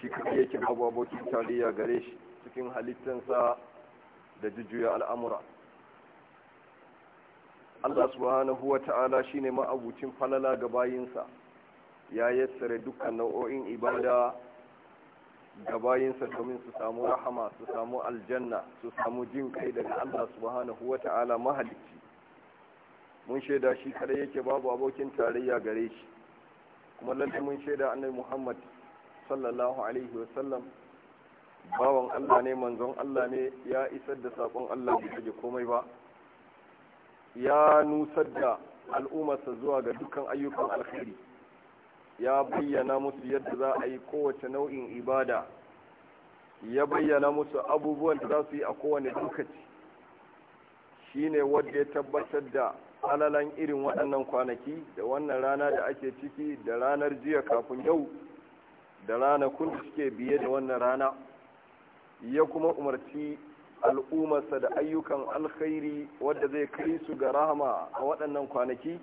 shi kuma yake babu abokin tarayya gare shi cikin halittansa da jujjuya al'amura Allah subhanahu wa ta'ala ne ma'abucin falala ga bayinsa ya yassare dukkan nau'o'in ibada ga bayinsa domin su samu rahama su samu aljanna su samu jin kai daga Allah subhanahu wa ta'ala mahalicci mun shaida shi kada yake babu abokin tarayya gare shi kuma lallai mun shaida annabi Muhammad sallallahu alaihi wasallam bawan Allah ne manzon Allah ne ya isar da sakon Allah bai rage komai ba ya nusar da al'ummarsa zuwa ga dukkan ayyukan alkhairi ya bayyana musu yadda za a yi kowace nau'in ibada ya bayyana musu abubuwan da za su yi a kowane lokaci shine wanda ya tabbatar da alalan irin waɗannan kwanaki da wannan rana da ake ciki da ranar jiya kafin yau da ranakun da suke biye da wannan rana ya kuma umarci al'ummarsa da ayyukan alkhairi wadda zai kai su ga rahama a waɗannan kwanaki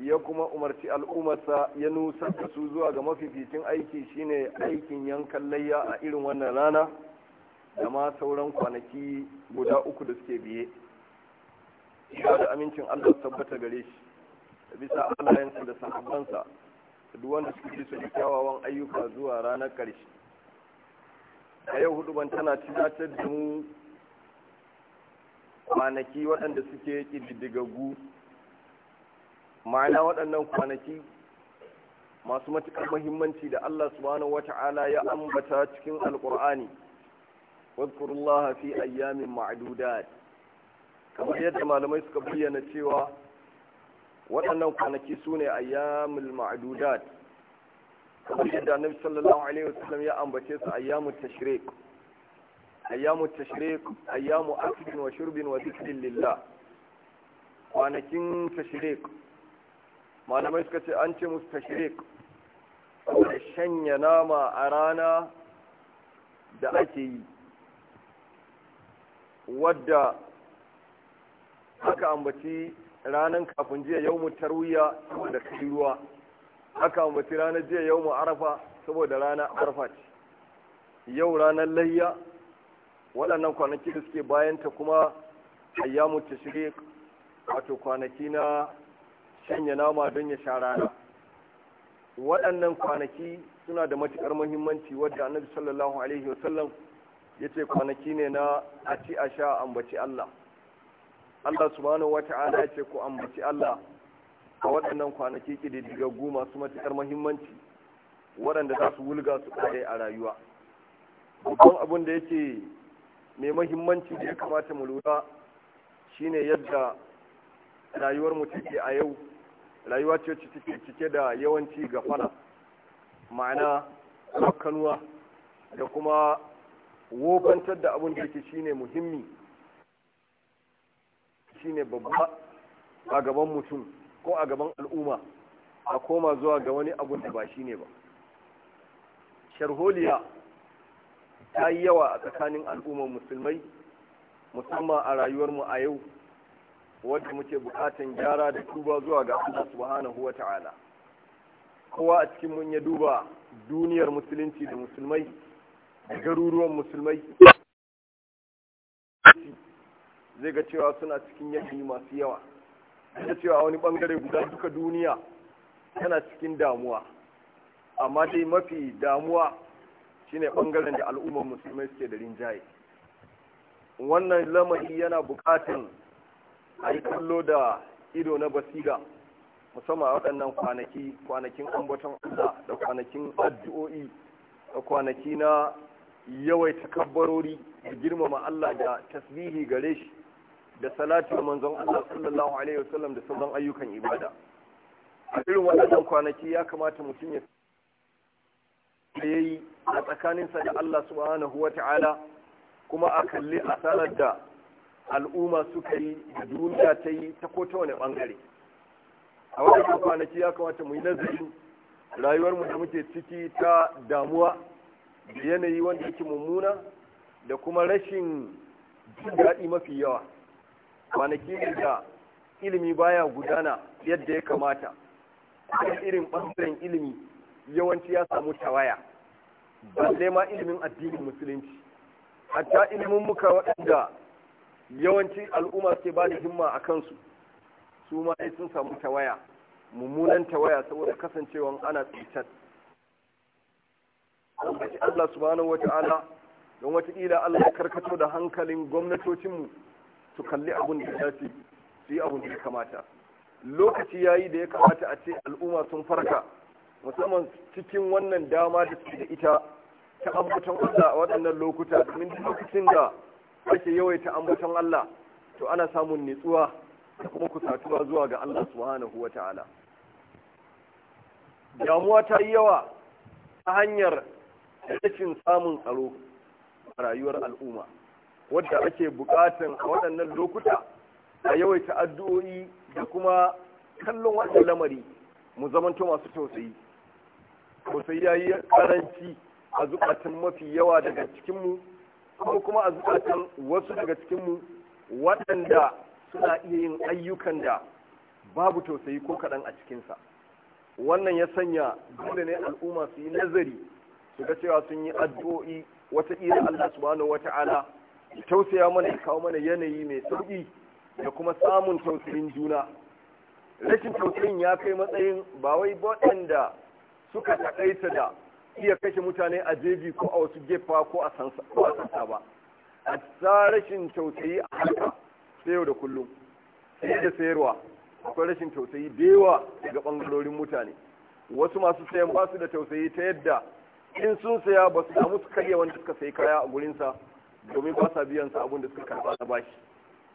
ya kuma umarci al'ummarsa ya nusa da su zuwa ga mafificin aiki shine aikin yankan layya a irin wannan rana da ma sauran kwanaki guda uku da suke biye ya da amincin allah tabbata gare shi bisa alayensa da sahabbansa duk wanda suke su kyawawan ayyuka zuwa ranar ƙarshe a yau hudu ban tana tunatar da mu kwanaki waɗanda suke ƙididdigaggu ma'ana waɗannan kwanaki masu matuƙar mahimmanci da Allah subhanahu wata'ala ya ambata cikin alƙur'ani wadkurullaha fi ayyamin ma'dudat kamar yadda malamai suka bayyana cewa waɗannan kwanaki su ne ayyamul ma'adudat kamar yadda annabi sallallahu alaihi wasallam ya ambace su ayyamut tashriq ayyamut tashriq ayyamu aklin wa shurbin wa dhikrin lillah kwanakin tashriq malamai suka ce an ce musu tashriq saboda shanya nama a rana da ake yi wadda aka ambaci ranan kafin jiya yau mu tarwiya saboda kai ruwa aka ambaci ranar jiya yau mu arafa saboda rana arafa ce yau ranar layya waɗannan kwanaki da suke bayanta kuma ayyamu shige wato kwanaki na shanya nama don ya sha rana waɗannan kwanaki suna da matuƙar muhimmanci wadda annabi sallallahu alaihi wasallam ya ce kwanaki ne na a ci a sha ambaci Allah Allah subhanahu wata'ala ya ce ku ambaci Allah a waɗannan kwanaki goma masu matuƙar muhimmanci waɗanda za su wulga su ƙare a rayuwa babban abin da yake mai muhimmanci da ya kamata mu lura shi ne yadda rayuwar mu take a yau rayuwa ce take cike da yawanci ga fara ma'ana rakkanuwa da kuma wofantar da abin da yake ne muhimmi shine babba a gaban mutum ko a gaban al'umma a koma zuwa ga wani abu da ba shine ba sharholiya ta yi yawa a tsakanin al'ummar musulmai musamman a rayuwarmu a yau wadda muke bukatan gyara da tuba zuwa ga Allah subhanahu wa ta'ala kowa a cikin mun ya duba duniyar musulunci da musulmai da garuruwan musulmai zai ga cewa suna cikin yanayi masu yawa da cewa wani bangare guda duka duniya tana cikin damuwa amma dai mafi damuwa shine bangaren da al'ummar musulmai suke da rinjaye wannan lamari yana bukatan a yi kallo da ido na basira musamman a waɗannan kwanaki kwanakin ambaton Allah da kwanakin addu'o'i da kwanaki na yawaita kabbarori da girmama Allah da tasbihi gare shi da salatin manzon Allah sallallahu alaihi wasallam da sauran ayyukan ibada a irin waɗannan kwanaki ya kamata mutum ya da yi a tsakaninsa da Allah subhanahu wa ta'ala kuma a kalli asarar da al'umma suka yi da duniya ta yi ta kota wani bangare a wannan kwanaki ya kamata mu yi rayuwar rayuwarmu da muke ciki ta damuwa da yanayi wanda yake mummuna da kuma rashin jin daɗi mafi yawa kwanaki da ilimi baya gudana yadda ya kamata irin bangaren ilimi yawanci ya samu tawaya balle ma ilimin addinin musulunci hatta ilimin muka waɗanda yawanci al'umma suke ba da himma a kansu su ma sun samu tawaya mummunan tawaya saboda kasancewan ana tsitar Allah subhanahu wa ta'ala don wata watakila Allah ya karkato da hankalin gwamnatocinmu su kalli abun da ya ce, su yi abun da ya kamata lokaci ya yi da ya kamata a ce al'umma sun farka musamman cikin wannan dama da su da ita ta ambaton Allah a waɗannan lokuta domin lokacin da ake yawaita ambaton Allah to ana samun nitsuwa da kuma kusatuwa zuwa ga Allah subhanahu wa ta'ala damuwa ta yi yawa ta hanyar rashin samun tsaro a rayuwar al'umma wadda ake bukatan a waɗannan lokuta a yawaita addu'o'i da kuma kallon wannan lamari mu zamanto masu tausayi tausayi ya yi karanci a zukatan mafi yawa daga cikinmu ko kuma a zukatan wasu daga cikinmu waɗanda suna iya yin ayyukan da babu tausayi ko kaɗan a cikinsa wannan ya sanya dole ne al'umma su yi nazari su ga cewa sun yi addu'o'i wata Allah subhanahu wata'ala tausaya mana ya kawo mana yanayi mai sauƙi da kuma samun tausayin juna rashin tausayin ya kai matsayin ba wai waɗanda suka taƙaita da iya kashe mutane a jeji ko a wasu gefa ko a sansa ba a sa rashin tausayi a harka sayo da kullum sai da sayarwa akwai rashin tausayi da yawa daga ɓangarorin mutane wasu masu sayan ba su da tausayi ta yadda in sun saya ba su damu su karya wanda suka sayi kaya a gurinsa domin ba sa biyan sa abin da suka karɓa na bashi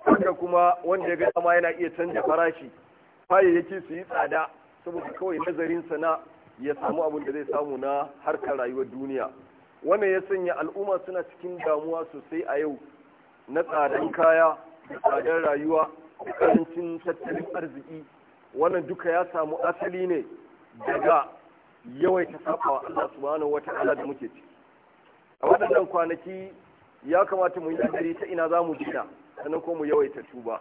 haka kuma wanda ya ga dama yana iya canja farashi kayayyaki su yi tsada saboda kawai nazarin sa na ya samu abin da zai samu na harkar rayuwar duniya wannan ya sanya al'umma suna cikin damuwa sosai a yau na tsadan kaya da tsadan rayuwa da karancin tattalin arziki wannan duka ya samu asali ne daga yawaita saba Allah subhanahu wata'ala da muke ci a waɗannan kwanaki ya kamata mu yi nazari ta ina za mu gina sannan ko mu yawaita tuba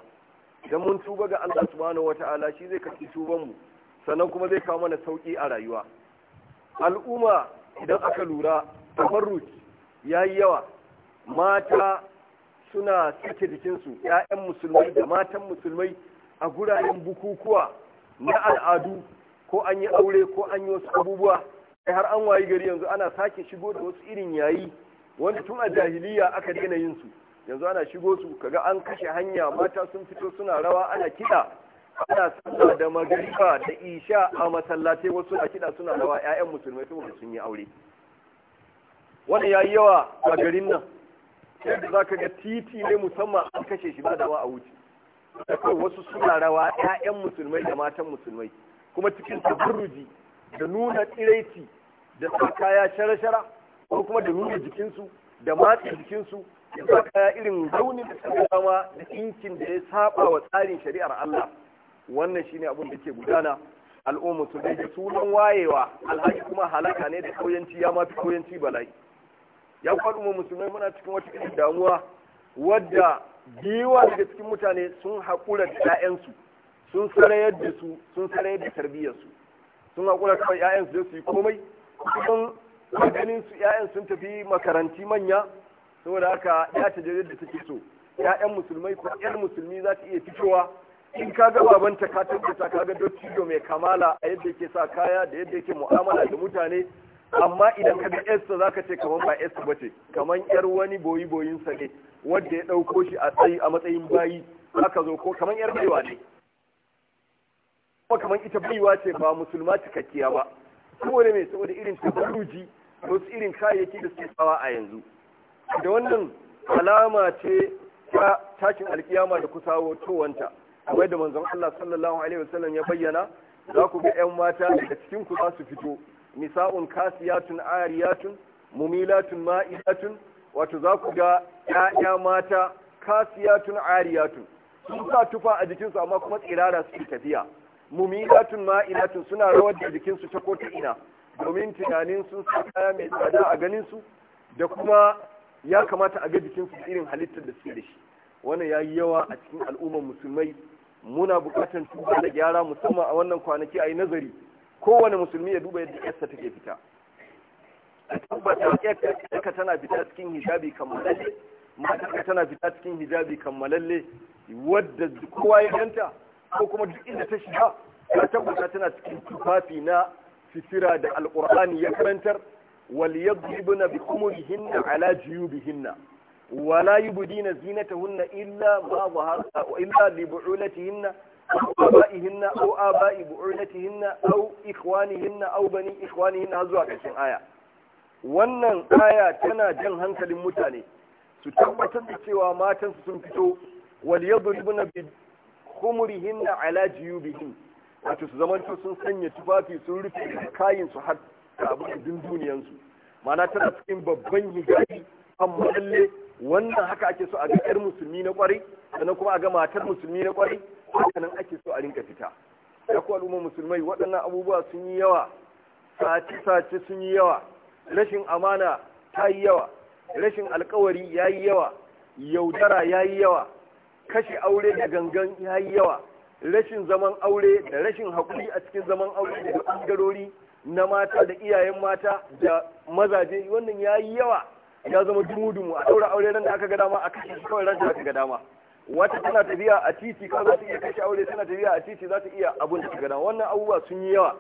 idan mun tuba ga Allah subhanahu wataala shi zai kashe tuban mu sannan kuma zai kawo mana sauki a rayuwa al'umma idan aka lura ya yayi yawa mata suna sake jikinsu ‘ya'yan musulmai da matan musulmai a guraren bukukuwa na al'adu ko an yi aure ko an yi wasu abubuwa sai har an wayi gari yanzu ana sake shigo da wasu irin yayi wanda tun a jahiliya aka daina yin su yanzu ana shigo su kaga an kashe hanya mata sun fito suna rawa ana kiɗa ana sallah da magariba da isha a masallatai wasu na kiɗa suna rawa ƴaƴan musulmai saboda sun yi aure wannan yayi yawa a garin nan yadda zaka ga titi ne musamman an kashe shi ba da a wuce kai wasu suna rawa ƴaƴan musulmai da matan musulmai kuma cikin tabarruji da nuna tsiraici da sa kaya shara-shara ko kuma da nuna jikinsu da matsa jikinsu da saka irin raunin da suka kama da inkin da ya saba wa tsarin shari'ar Allah wannan shine abin da ke gudana al'umma su da sunan wayewa alhaji kuma halaka ne da kauyanci ya mafi kauyanci bala'i ya faɗi mu musulmai muna cikin wata irin damuwa wadda biyuwa daga cikin mutane sun haƙura da 'ya'yansu sun sarayar da su sun sarayar da tarbiyyarsu sun haƙura kawai 'ya'yansu da su yi komai kuma ganin su ƴaƴan sun tafi makaranti manya saboda haka ya ta da take so Ya'yan musulmai ko ƴan musulmi za ta iya fitowa in ka ga babanta ka tabbata ka ga dottijo mai kamala a yadda yake sa kaya da yadda yake mu'amala da mutane amma idan ka ga yarsa za ka ce kamar ba yarsa ba ce kamar yar wani boyi boyinsa ne wadda ya ɗauko shi a tsayi a matsayin bayi aka zo ko kamar yar baiwa ne kuma kamar ita baiwa ce ba musulma cikakkiya ba saboda mai saboda irin tabarruji wasu irin kayayyaki da suke tsawa a yanzu da wannan alama ce ta tashin alkiyama da kusa kusawotowanta kamar da manzon Allah sallallahu alaihi wasallam ya bayyana za ku ga 'yan mata da cikin ku su fito nisa'un kasiyatun ariyatun mumilatun ma'ilatun wato za ku ga 'ya'ya mata kasiyatun ariyatun sun sa tufa a jikinsu amma kuma tsirara su tafiya mumilatun tun, suna rawar da jikinsu ta ko ta ina domin tunanin sun sa kaya mai tsada a ganin su da kuma ya kamata a ga jikin su irin halittar da suke da shi wannan ya yi yawa a cikin al'ummar musulmai muna buƙatar tuba da gyara musamman a wannan kwanaki a yi nazari kowane musulmi ya duba yadda yarsa take fita a tabbata yarka tana fita cikin hijabi kammalalle ka tana fita cikin hijabi kammalalle wadda kowa ya ganta ko kuma duk inda ta shiga ta tabbata tana cikin tufafi na fitira da Alƙur'ani ya karantar wal yadribna bi khumurihinna ala juyubihinna wala yubdina zinatahunna illa ma zahara illa li bu'ulatihinna آبائهن أو آباء بعولتهن أو إخوانهن أو بني إخوانهن هذا كشن aya. wannan aya tana jan hankalin mutane su tabbatar da cewa matansu sun fito wal yadribuna bi khumurihinna ala jiyubihin wato su zamanto sun sanya tufafi sun rufe kayin su har abin din duniyan su mana tana cikin babban hijabi amma lalle wannan haka ake so a ga yar musulmi na kwarai sannan kuma a ga matar musulmi na kwarai hakanan ake so a rinka fita ya ku al'umma musulmai waɗannan abubuwa sun yi yawa sace-sace sun yi yawa rashin amana ta yi yawa rashin alkawari ya yi yawa yaudara ya yi yawa kashe aure da gangan ya yi yawa rashin zaman aure da rashin haƙuri a cikin zaman aure da ɓangarori na mata da iyayen mata da mazaje wannan ya yi yawa ya zama dumu-dumu a ɗaura aure nan da aka ga dama a kashe kawai ran da aka ga dama wata tana tafiya a titi kawai za ta iya kashe aure tana tafiya a titi za ta iya abun da ta ga dama wannan abubuwa sun yi yawa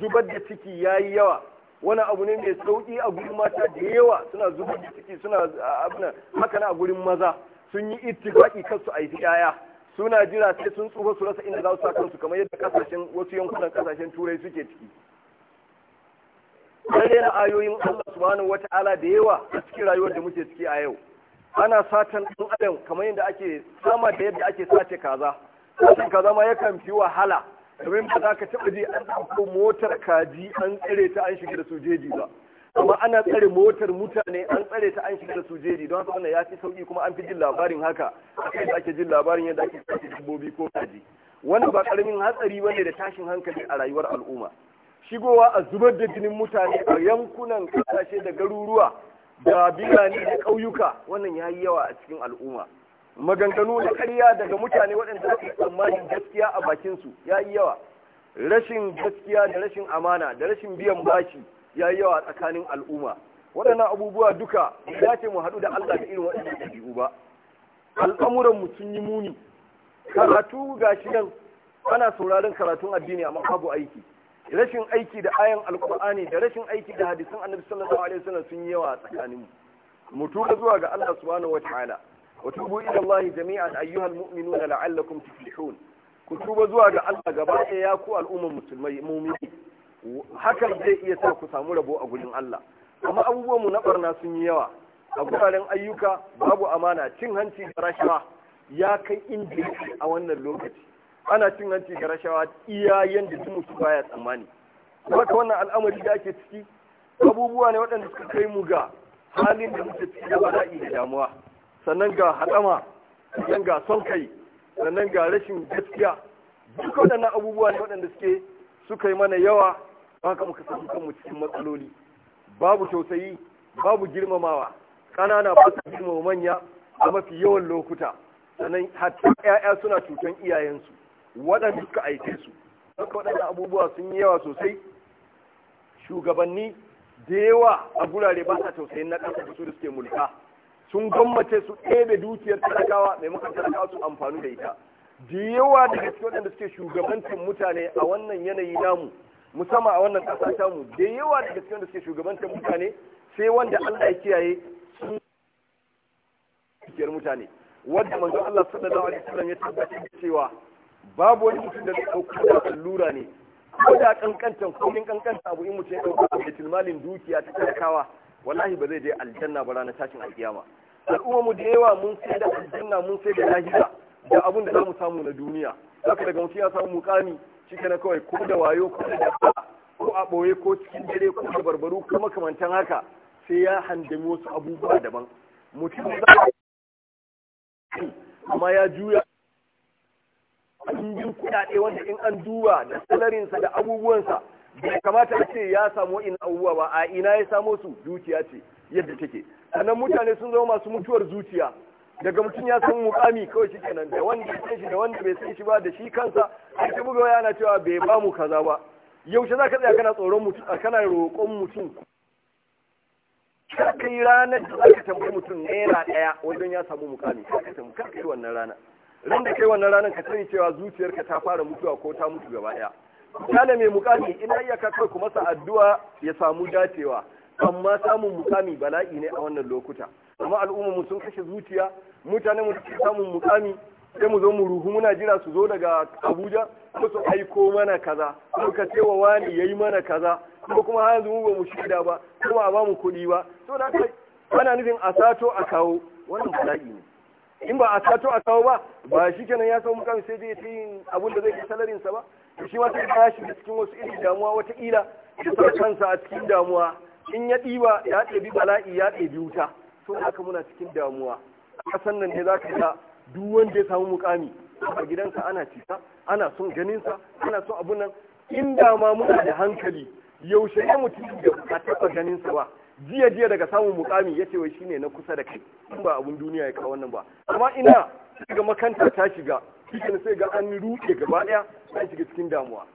zubar da ciki ya yi yawa wani abu ne mai sauƙi a gurin mata da yawa suna zubar da ciki suna abin haka na a gurin maza sun yi ittifaki kansu a yi 'ya'ya suna jira sai sun tsufa su rasa inda za su sa kansu kamar yadda kasashen wasu yankunan kasashen turai suke ciki sai na ayoyin Allah subhanahu wata'ala da yawa a cikin rayuwar da muke ciki a yau ana satan ɗan adam kamar yadda ake sama da yadda ake sace kaza satan kaza ma yakan fi wahala domin ba za ka taɓa je an ɗauko motar kaji an tsire ta an shiga da su ba amma ana tsare motar mutane an tsare ta an shiga da su don haka wannan ya fi sauki kuma an fi jin labarin haka akai da ake jin labarin yadda ake tsare dabbobi ko kaji wannan ba karamin hatsari bane da tashin hankali a rayuwar al'umma shigowa a zubar da jinin mutane a yankunan kasashe da garuruwa da birane da ƙauyuka wannan ya yi yawa a cikin al'umma maganganu da ƙarya daga mutane waɗanda ake tsammanin gaskiya a bakinsu ya yi yawa rashin gaskiya da rashin amana da rashin biyan bashi ya yi yawa tsakanin al'umma waɗannan abubuwa duka ya ce mu haɗu da Allah da irin waɗannan ɗabi'u ba al'amuran mu sun yi muni karatu shi nan ana sauraron karatun addini amma babu aiki rashin aiki da ayan alkur'ani da rashin aiki da hadisan annabi sallallahu alaihi wasallam sun yi yawa tsakanin mu mu tura zuwa ga Allah subhanahu wataala wa tubu ila Allah jami'an ayyuhal mu'minuna la'allakum tuflihun ku tuba zuwa ga Allah gaba ɗaya ya ku al'ummar musulmai mu'mini hakan zai iya sa ku samu rabo a gurin Allah amma abubuwan mu na barna sun yi yawa a guraren ayyuka babu amana cin hanci da rashawa ya kai inda a wannan lokaci ana cin hanci da rashawa iya yanda su mutu baya tsammani haka wannan al'amari da ake ciki abubuwa ne waɗanda suka kai mu ga halin da muke ciki da bala'i da damuwa sannan ga haɗama sannan ga son kai sannan ga rashin gaskiya duk waɗannan abubuwa ne waɗanda suke suka yi mana yawa haka muka samu kanmu cikin matsaloli babu tausayi babu girmamawa ƙanana ba su girmama manya a mafi yawan lokuta sannan hatta 'ya'ya suna cutan iyayensu waɗanda suka aike su haka waɗanda abubuwa sun yi yawa sosai shugabanni da yawa a gurare ba sa tausayin na ƙasa da su da suke mulka sun gwammace su ɗebe dukiyar talakawa maimakon talakawa su amfani da ita da yawa daga cikin waɗanda suke shugabancin mutane a wannan yanayi namu musamman a wannan ƙasa ta mu da yawa daga cikin da suke shugabantar mutane sai wanda Allah ya kiyaye sun kiyar mutane wanda manzo Allah sallallahu alaihi wasallam ya tabbatar da cewa babu wani mutum da zai dauka da allura ne ko da kankantan komin kankanta abu in mutum ya dauka da tilmalin dukiya ta talakawa wallahi ba zai je aljanna ba ranar tashin alkiyama al'umma mu da yawa mun sai da aljanna mun sai da lahira da abun da za mu samu na duniya zaka daga mutum ya samu mukami shi kana kawai ko da wayo ko da dafa ko a ɓoye ko cikin dare ko da barbaru ko makamantan haka sai ya handami wasu abubuwa daban mutum za yi amma ya juya ɗin kuɗaɗe wanda in an duba da salarinsa da abubuwansa bai kamata a ce ya samu in abubuwa ba a ina ya samo su zuciya ce yadda take sannan mutane sun zama masu mutuwar zuciya daga mutum ya san mukami kawai shi kenan da wanda ya san shi da wanda bai san shi ba da shi kansa sai ta buga yana cewa bai ba mu kaza ba yaushe za ka tsaya kana tsoron mutum a kana roƙon mutum kar ka yi ranar da za ka tambayi mutum naira ɗaya wajen ya samu mukami kar ka tambayi kar wannan rana ran da kai wannan ranar ka sani cewa zuciyarka ta fara mutuwa ko ta mutu gaba ɗaya kana mai mukami ina ka kai kuma sa addu'a ya samu dacewa amma samun mukami bala'i ne a wannan lokuta amma al'umma mu sun kashe zuciya mutane mu ta samun mukami sai mu zo mu ruhu muna jira su zo daga Abuja ko su aiko mana kaza ko ka ce wa wani yayi mana kaza ko kuma har yanzu mu ba mu shida ba kuma a ba mu kuɗi ba to da kai ana nufin a sato a kawo wannan bala'i ne in ba a sato a kawo ba ba shi kenan ya samu mukami sai dai ta yin abin da zai yi salarin sa ba to shi ma sai ya shiga cikin wasu irin damuwa wata kila ya sa kansa a cikin damuwa in ya ɗiba ya ɗebi bala'i ya ɗebi wuta so da muna cikin damuwa kasan nan ne za ka ga duk wanda ya samu mukami a gidansa ana cika ana son ganinsa ana son abun nan inda ma muna da hankali yaushe ne mutum da ka taɓa ganinsa ba jiya jiya daga samun mukami ya ce wai shine na kusa da kai in ba abun duniya ya kawo wannan ba amma ina ga makanta ta shiga cikin sai ga an ruɗe gaba ɗaya sai shiga cikin damuwa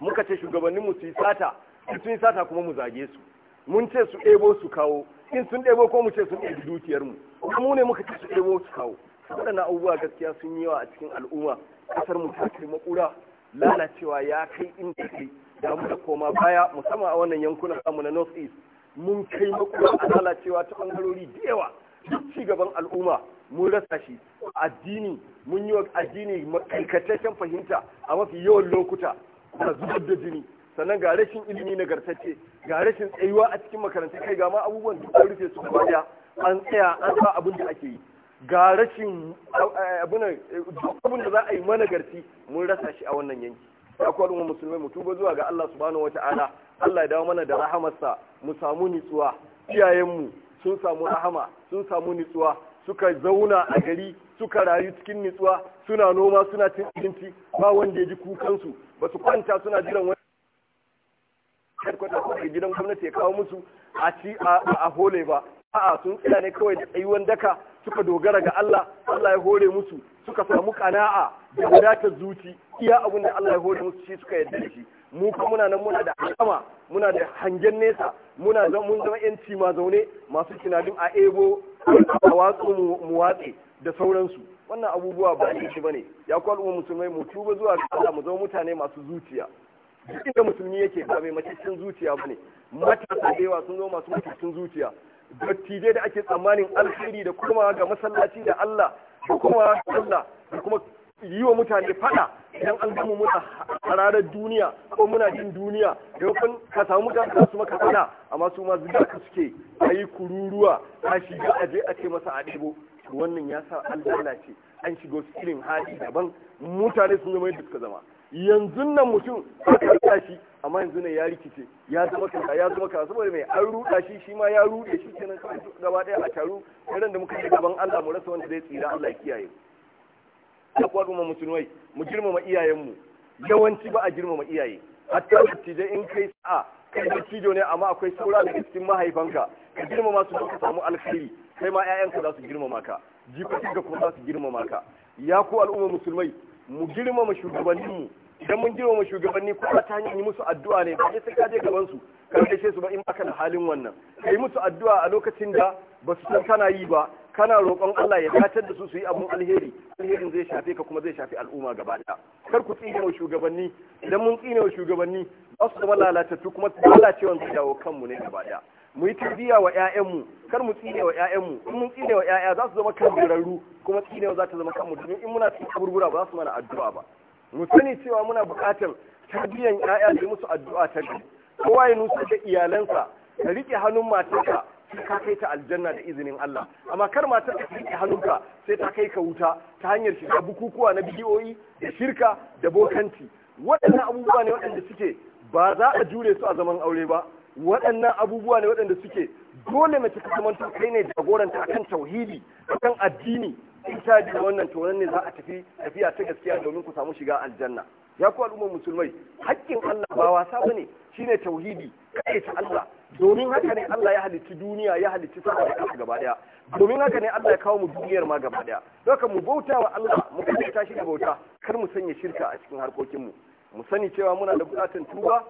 muka ce mu su yi sata sun yi sata kuma mu zage su mun ce su ebo su kawo in sun ɗebo ko mu ce sun ɗebi dukiyar mu mu ne muka ce su ɗebo su kawo waɗannan abubuwa gaskiya sun yi yawa a cikin al'umma kasar mu ta kai makura lalacewa ya kai ta kai da mu da koma baya musamman a wannan yankunan samu na north east mun kai makura a lalacewa ta bangarori da yawa duk ci gaban al'umma mun rasa shi addini mun yi wa addini makaikataccen fahimta a mafi yawan lokuta da zubar da jini sannan ga rashin ilimi na nagartacce ga rashin tsayuwa a cikin makarantar kai ga ma abubuwan da an rufe su gaba an tsaya an sa abin da ake yi ga rashin abin da za a yi garti mun rasa shi a wannan yanki ya kwarin wa musulmai mu tuba zuwa ga Allah subhanahu wata'ala Allah ya dawo mana da rahamarsa mu samu nitsuwa iyayenmu sun samu rahama sun samu nitsuwa suka zauna a gari suka rayu cikin nitsuwa suna noma suna cin abinci ba wanda ya ji kukansu ba su kwanta suna jiran wani da ko gidan gwamnati ya kawo musu a ci a hole ba a'a sun tsaya ne kawai da tsayuwan daka suka dogara ga Allah Allah ya hore musu suka samu kana'a da wadata zuci iya abin da Allah ya hore musu shi suka yarda shi mu kuma muna nan muna da alama muna da hangen nesa muna zama mun zama yanci ma zaune masu tunanin a ebo a watsu mu watse da sauransu wannan abubuwa ba ne shi ne. ya kwalwa musulmai mu tuba zuwa ga Allah mu zama mutane masu zuciya duk inda musulmi yake ba mai matattun zuciya ba ne matasa da yawa sun zo masu matattun zuciya dattijai da ake tsammanin alheri da kuma ga masallaci da Allah da kuma Allah da kuma yi wa mutane fada idan an gama muna hararar duniya ko muna jin duniya da kun ka samu mutane za su maka fada amma su ma zuga ka suke a kururuwa ka shiga a je a ce masa a ɗebo wannan ya sa an ce an shiga cikin irin hali daban mutane sun zama yadda suka zama yanzu nan mutum ka shi amma yanzu ne ya rikice ya zama kanka ya zama kanka saboda mai an ruɗa shi shi ma ya ruɗe shi kenan kawai gaba ɗaya a taru irin da muka yi gaban Allah mu rasa wanda zai tsira Allah ya kiyaye ta kwaɗo ma musulmai mu girmama iyayenmu yawanci ba a girmama iyaye hatta dattijai in kai sa'a kai dattijo ne amma akwai saura da cikin mahaifanka ka girmama su ka samu alkhairi kai ma 'ya'yanka za su girmama ka jikokinka kuma za su girmama ka ya ku al'umma musulmai mu girmama shugabanninmu idan mun girmama shugabanni kuma ta hanyar yi musu addu'a ne ba sai ka je gaban su ka gaishe su ba in baka da halin wannan kai musu addu'a a lokacin da ba su san kana yi ba kana roƙon Allah ya dacar da su su yi abun alheri alherin zai shafe ka kuma zai shafi al'umma gaba ɗaya kar ku tsine wa shugabanni idan mun tsine wa shugabanni ba su zama lalatattu kuma lalacewan zai dawo kanmu ne gaba ɗaya mu yi tarbiya wa ƴaƴanmu kar mu tsine wa ƴaƴanmu in mun tsine wa 'ya'ya za su zama kan birarru kuma tsinewa za ta zama kan mutum in muna cikin kaburbura ba za su mana addu'a ba mu sani cewa muna buƙatar tarbiyan 'ya'ya da musu addu'a ta gari kowa ya nusa da iyalansa ka riƙe hannun matarka sai ka kai ta aljanna da izinin Allah amma kar matar ka riƙe hannunka sai ta kai ka wuta ta hanyar shiga bukukuwa na bidiyoyi da shirka da bokanti waɗannan abubuwa ne waɗanda suke ba za a jure su a zaman aure ba waɗannan abubuwa ne waɗanda suke dole mace ka zama kai ne jagoranta akan tauhidi akan addini in ta ji wannan to ne za a tafi tafiya ta gaskiya domin ku samu shiga aljanna ya ku al'ummar musulmai Haƙƙin Allah ba wasa bane shine tauhidi kai ta Allah domin haka ne Allah ya halicci duniya ya halicci sama da ƙasa gaba ɗaya domin haka ne Allah ya kawo mu duniyar ma gaba daya haka mu bauta wa Allah mu kai tashi da bauta kar mu sanya shirka a cikin harkokinmu. mu mu sani cewa muna da buƙatar tuba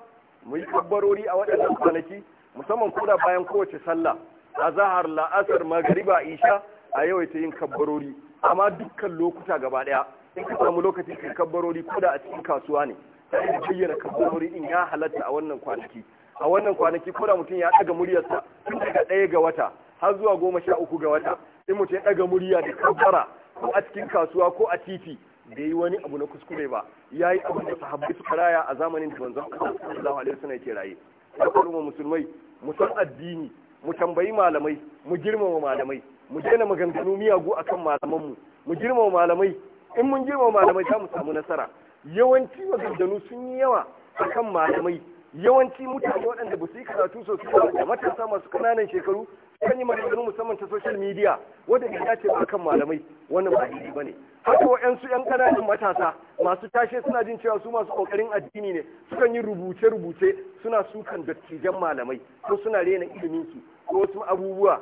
mu yi kabbarori a waɗannan kwanaki musamman ko da bayan kowace sallah a zahar la'asar magariba isha a yawaita yin kabbarori amma dukkan lokuta gaba ɗaya in ka samu lokacin ka kabbarori da a cikin kasuwa ne sai da bayyana kabbarori in ya halatta a wannan kwanaki a wannan kwanaki koda mutum ya ɗaga muryarsa tun daga ɗaya ga wata har zuwa goma sha uku ga wata in mutum ya ɗaga murya da kabbara ko a cikin kasuwa ko a titi bai yi wani abu na kuskure ba ya yi abin da sahabbai suka raya a zamanin da manzon Allah zama alaihi suna yake raye al'umma musulmai mu san addini mu tambayi malamai mu girmama malamai mu daina maganganu miyagu akan malamanmu mu girmama malamai in mun girmama malamai za mu samu nasara yawanci maganganu sun yi yawa akan malamai yawanci mutane waɗanda ba su yi karatu sosai da matasa masu ƙananan shekaru kan yi maganganu musamman ta social media wanda ya dace ba kan malamai wannan ba ba bane haka wa'yansu 'yan kananan matasa masu tashe suna jin cewa su masu ƙoƙarin addini ne sukan yi rubuce-rubuce suna sukan dattijan malamai ko suna rena iliminsu ko wasu abubuwa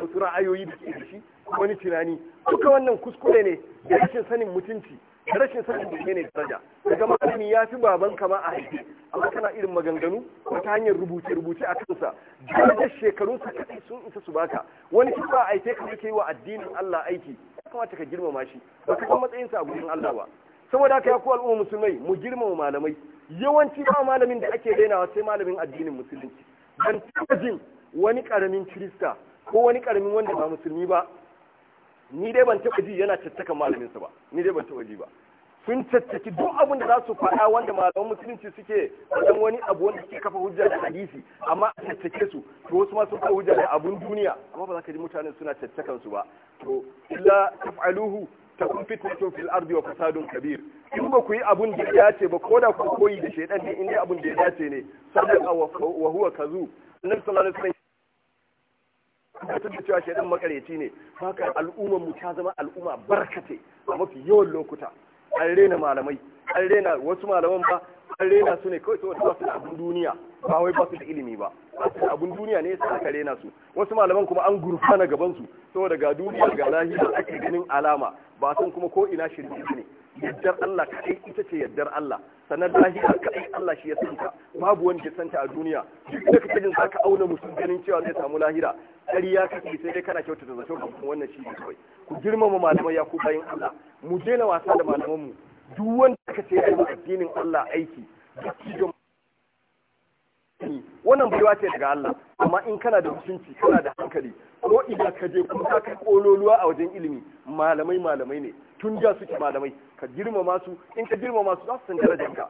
wasu ra'ayoyi da ke da shi wani tunani duka wannan kuskure ne da rashin sanin mutunci rashin sanin da ne daraja daga malami ya fi baban kama a haifi. amma kana irin maganganu wata hanyar rubuce rubuce a kansa darajar shekarun sa kadai sun isa su baka wani shi ba aike ka yi wa addinin Allah aiki ya kamata ka girmama shi ba ka san matsayin a gurin Allah ba saboda haka ya ku al'umma musulmai mu girmama malamai yawanci ba malamin da ake dainawa sai malamin addinin musulunci ban taba jin wani karamin kirista ko wani karamin wanda ba musulmi ba ni dai ban taɓa ji yana malamin sa ba ni dai ban taɓa ji ba sun caccaki duk abin da za su faɗa wanda malaman musulunci suke wajen wani abu wanda suke kafa hujja da hadisi amma a caccake su to wasu ma sun kafa hujja da abun duniya amma ba za ka ji mutanen suna caccakan su ba to illa taf'aluhu takun fitnatun fil ardi wa fasadun kabir in ba ku yi abun da ya dace ba ko da ku koyi da shaidan ne in dai abun da ya dace ne sadaka wa huwa kazu annabi sallallahu alaihi tabbatar da cewa shaidan makareci ne haka al'ummar mu ta zama al'umma barkate a mafi yawan lokuta an rena malamai an rena wasu malaman ba an rena su ne kawai saboda ba su da abin duniya ba wai ba su da ilimi ba abin duniya ne sai aka rena su wasu malaman kuma an gurfana gaban su saboda ga duniya ga lahira ake ganin alama ba san kuma ko ina shirki ne yaddar Allah kaɗai ita ce yaddar Allah sannan lahira kaɗai Allah shi ya santa babu wanda ya santa a duniya duk da kake jin zaka auna mutum ganin cewa zai samu lahira ƙarya kake sai dai kana kyautata zato ga kuma wannan shi ne kawai ku girmama malamai ya ku bayin Allah mu daina wasa da malaman mu duk wanda ka ce ai addinin Allah aiki duk cijon wannan baiwa ce daga Allah amma in kana da mutunci kana da hankali ko idan ka je kuma ka kololuwa a wajen ilimi malamai malamai ne tun ja suke malamai ka girmama su in ka girmama su za su san darajarka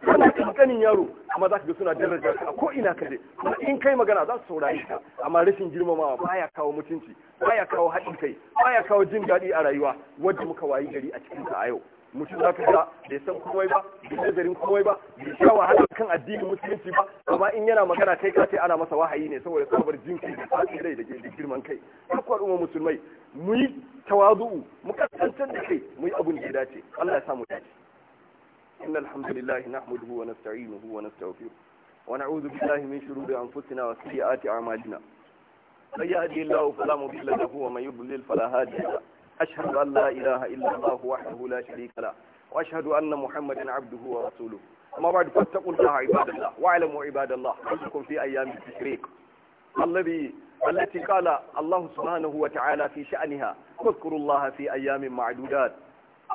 kana kankanin yaro amma za ka ga suna daraja ka ko ina ka je kuma in kai magana za su saurare ka amma rashin girmamawa baya kawo mutunci baya kawo haɗin kai baya kawo jin daɗi a rayuwa wadda muka wayi gari a cikin a yau mutum za ka ga bai san komai ba bai garin komai ba bai sha wahala kan addinin musulunci ba amma in yana magana kai ka ce ana masa wahayi ne saboda sabar jin kai da fasin da girman kai duk al'ummar musulmai mu yi tawadu'u mu kasantar da kai mu yi abin da ya dace Allah ya samu dace inna alhamdulillah nahmaduhu wa nasta'inuhu wa nastaghfiruh wa na'udhu billahi min shururi anfusina wa sayyiati a'malina may yahdihillahu fala mudilla lahu wa may yudlil fala hadiya lahu ashhadu an la ilaha illa allah wahdahu la sharika la wa ashhadu anna muhammadan 'abduhu wa rasuluh amma ba'd fattaqullaha ibadallah wa 'alamu ibadallah kuntum fi ayyamin tashriq الذي التي قال الله سبحانه وتعالى في شأنها واذكروا الله في أيام معدودات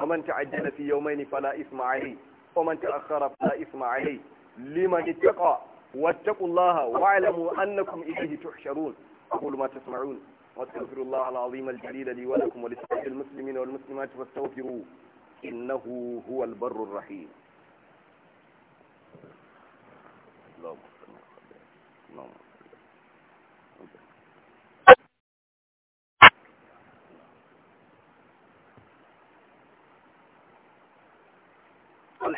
ومن تعجل في يومين فلا إثم عليه ومن تأخر فلا إثم عليه لمن اتقى واتقوا الله واعلموا أنكم إليه تحشرون أقول ما تسمعون واستغفر الله العظيم الجليل لي ولكم ولسائر المسلمين والمسلمات فاستغفروه إنه هو البر الرحيم اللهم صل على اللهم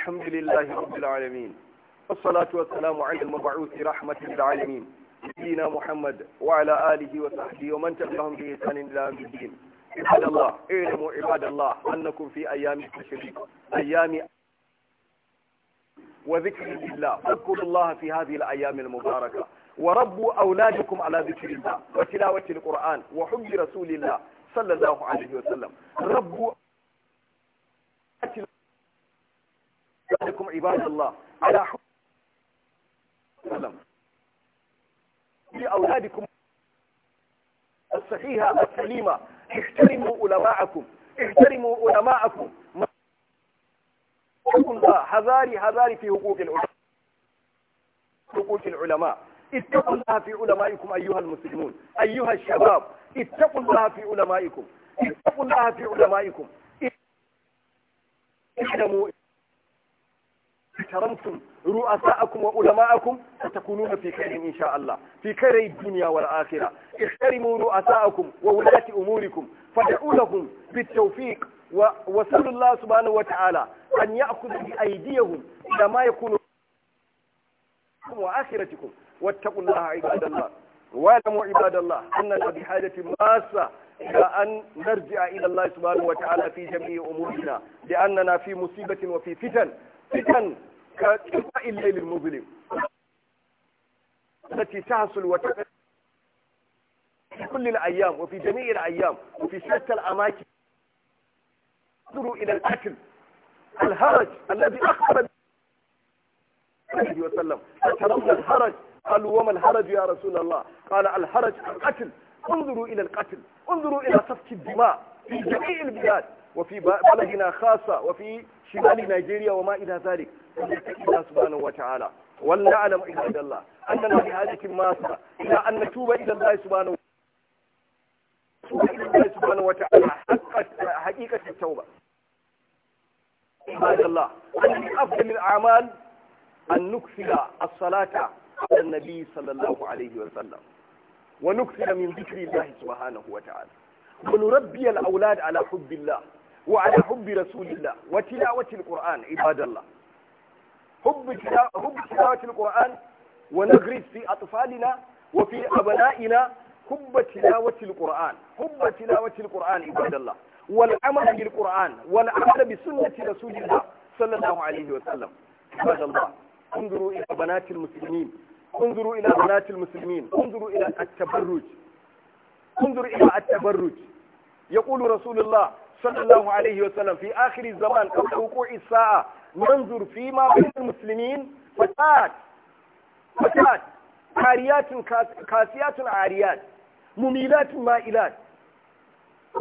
الحمد لله رب العالمين والصلاة والسلام على المبعوث رحمة للعالمين سيدنا محمد وعلى آله وصحبه ومن تبعهم بإحسان إلى يوم الدين عباد الله اعلموا عباد الله أنكم في أيام التشريق أيام وذكر الله اذكروا الله في هذه الأيام المباركة وربوا أولادكم على ذكر الله وتلاوة القرآن وحب رسول الله صلى الله عليه وسلم ربوا لكم عباد الله على حب لأولادكم الصحيحة السليمة احترموا علماءكم احترموا علماءكم حذاري حذاري في حقوق العلماء حقوق العلماء اتقوا الله في علمائكم أيها المسلمون أيها الشباب اتقوا الله في علمائكم اتقوا الله في علمائكم اعلموا كرمتم رؤساءكم وعلماءكم ستكونون في خير إن شاء الله في خير الدنيا والآخرة احترموا رؤساءكم وولاة أموركم فادعوا لهم بالتوفيق وسلوا الله سبحانه وتعالى أن يأخذ بأيديهم إلى ما يكون وآخرتكم واتقوا الله عباد الله واعلموا عباد الله أننا بحاجة ماسة إلى أن نرجع إلى الله سبحانه وتعالى في جميع أمورنا لأننا في مصيبة وفي فتن فتن كإطفاء الليل المظلم التي تحصل وتقع في كل الأيام وفي جميع الأيام وفي شتى الأماكن انظروا إلى الأكل الهرج الذي أخبر عليه وسلم الهرج قالوا وما الهرج يا رسول الله قال الهرج القتل انظروا إلى القتل انظروا إلى سفك الدماء في جميع البلاد وفي بلدنا خاصة وفي شمال نيجيريا وما إلى ذلك الله سبحانه وتعالى ولنعلم عباد الله أننا هذه ماسة إلى أن نتوب إلى الله سبحانه وتعالى الله سبحانه وتعالى حقيقة التوبة عباد الله أن من أفضل الأعمال أن نكفل الصلاة على النبي صلى الله عليه وسلم ونكثر من ذكر الله سبحانه وتعالى ونربي الأولاد على حب الله وعلى حب رسول الله وتلاوة القرآن عباد الله حب تلاوة القرآن ونغرس في أطفالنا وفي أبنائنا حب تلاوة القرآن حب تلاوة القرآن عباد الله والعمل بالقرآن والعمل بسنة رسول الله صلى الله عليه وسلم عباد الله انظروا إلى بنات المسلمين انظروا إلى بنات المسلمين انظروا إلى التبرج انظروا إلى التبرج يقول رسول الله sallallahu alaihi wa sallam fi akhir zaman qabla wuqu'i sa'a nanzur fi ma bayna al-muslimin fatat fatat kariyatun kasiyatun ariyat mumilatun ma'ilat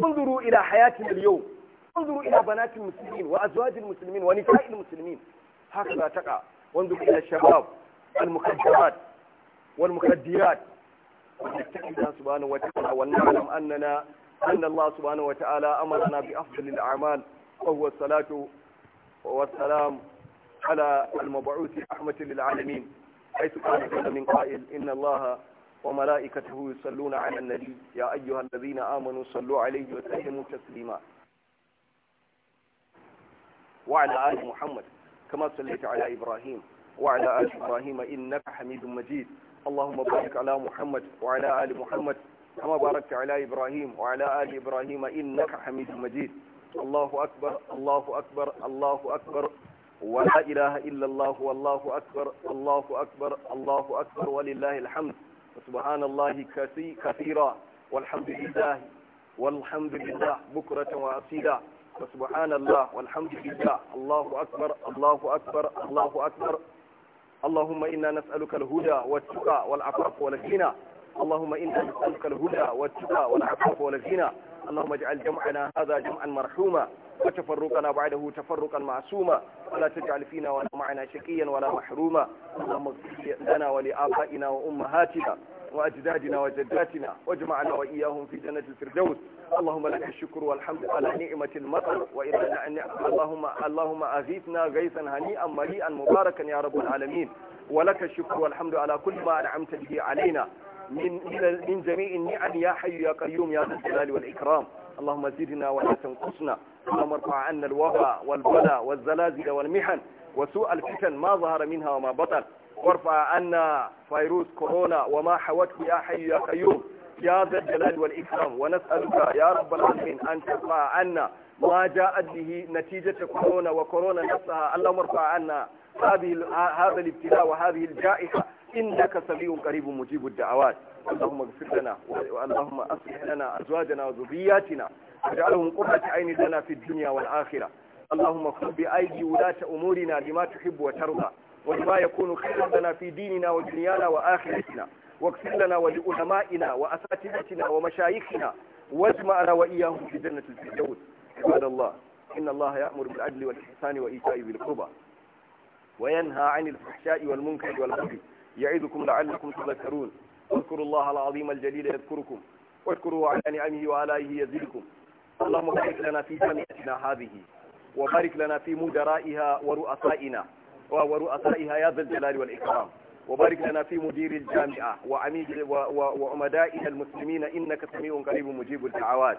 انظروا إلى حياتنا اليوم انظروا إلى بنات المسلمين وأزواج المسلمين ونساء المسلمين هكذا تقع وانظر إلى الشباب المخدرات والمخدرات ونتقي الله سبحانه وتعالى ونعلم أننا أن الله سبحانه وتعالى أمرنا بأفضل الأعمال وهو الصلاة والسلام على المبعوث رحمة للعالمين حيث قال كل من قائل إن الله وملائكته يصلون على النبي يا أيها الذين آمنوا صلوا عليه وسلموا تسليما وعلى آل محمد كما صليت على إبراهيم وعلى آل إبراهيم إنك حميد مجيد اللهم بارك على محمد وعلى آل محمد كما باركت على إبراهيم وعلى آل إبراهيم إنك حميد مجيد الله أكبر الله أكبر الله أكبر ولا إله إلا الله والله أكبر الله أكبر الله أكبر ولله الحمد وسبحان الله كثيرا والحمد لله والحمد لله بكرة وأصيلا وسبحان الله والحمد لله الله أكبر الله أكبر الله أكبر اللهم إنا نسألك الهدى والتقى والعفاف والغنى اللهم إنا نسألك الهدى والتقى والعفاف والغنى اللهم اجعل جمعنا هذا جمعا مرحوما وتفرقنا بعده تفرقا معصوما ولا تجعل فينا ولا معنا شقيا ولا محروما اللهم اغفر لنا ولآبائنا وأمهاتنا وأجدادنا وجداتنا واجمعنا وإياهم في جنة الفردوس اللهم لك الشكر والحمد على نعمة المطر وإلى نعم- اللهم اللهم أغيثنا غيثا هنيئا مليئا مباركا يا رب العالمين ولك الشكر والحمد على كل ما أنعمت به علينا من, من جميع النعم يا حي يا قيوم يا ذا الجلال والإكرام اللهم زدنا ولا تنقصنا اللهم ارفع عنا الوباء والبلاء والزلازل والمحن وسوء الفتن ما ظهر منها وما بطن وارفع عنا فيروس كورونا وما حوته يا حي يا قيوم يا ذا الجلال والإكرام ونسألك يا رب العالمين أن ترفع عنا ما جاءت به نتيجة كورونا وكورونا نفسها اللهم ارفع عنا هذه هذا الابتلاء وهذه الجائحة إنك سميع قريب مجيب الدعوات اللهم اغفر لنا اللهم أصلح لنا أزواجنا وذرياتنا واجعلهم قرة عين لنا في الدنيا والآخرة اللهم خذ بأيدي ولاة أمورنا لما تحب وترضى ولما يكون خيرا لنا في ديننا ودنيانا وآخرتنا واغفر لنا ولعلمائنا وأساتذتنا ومشايخنا واجمعنا وإياهم في جنة الفردوس عباد الله إن الله يأمر بالعدل والإحسان وإيتاء ذي القربى وينهى عن الفحشاء والمنكر والبغي يعيدكم لعلكم تذكرون واذكروا الله العظيم الجليل يذكركم واشكروا على نعمه وآلائه يزيدكم اللهم بارك لنا في جامعتنا هذه وبارك لنا في مدرائها ورؤسائنا ورؤسائها يا ذا الجلال والإكرام وبارك لنا في مدير الجامعة وعميد وعمدائها المسلمين إنك سميع قريب مجيب الدعوات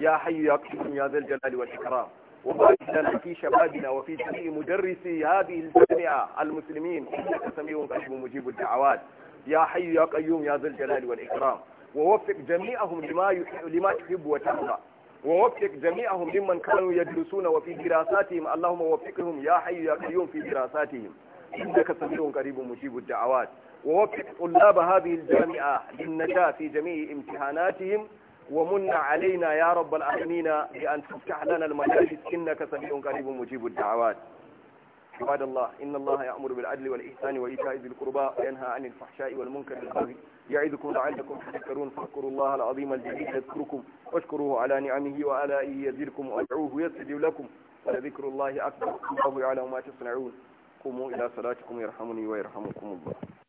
يا حي يا قيوم يا ذا الجلال والإكرام وبارك لنا في شبابنا وفي جميع مدرسي هذه الجامعة المسلمين إنك سميع قريب مجيب الدعوات يا حي يا قيوم يا ذا الجلال والإكرام ووفق جميعهم لما لما تحب وترضى ووفق جميعهم ممن كانوا يدرسون وفي دراساتهم اللهم وفقهم يا حي يا قيوم في دراساتهم إنك سميع قريب مجيب الدعوات ووفق طلاب هذه الجامعة للنجاة في جميع امتحاناتهم ومن علينا يا رب العالمين بأن تفتح لنا المجالس إنك سميع قريب مجيب الدعوات عباد الله إن الله يأمر بالعدل والإحسان وإيتاء ذي القربى وينهى عن الفحشاء والمنكر والبغي يعظكم لعلكم تذكرون فاذكروا الله العظيم الجليل يذكركم واشكروه على نعمه وآلائه يزدكم وادعوه يستجب لكم ولذكر الله أكبر الله يعلم ما تصنعون قوموا إلى صلاتكم يرحمني ويرحمكم الله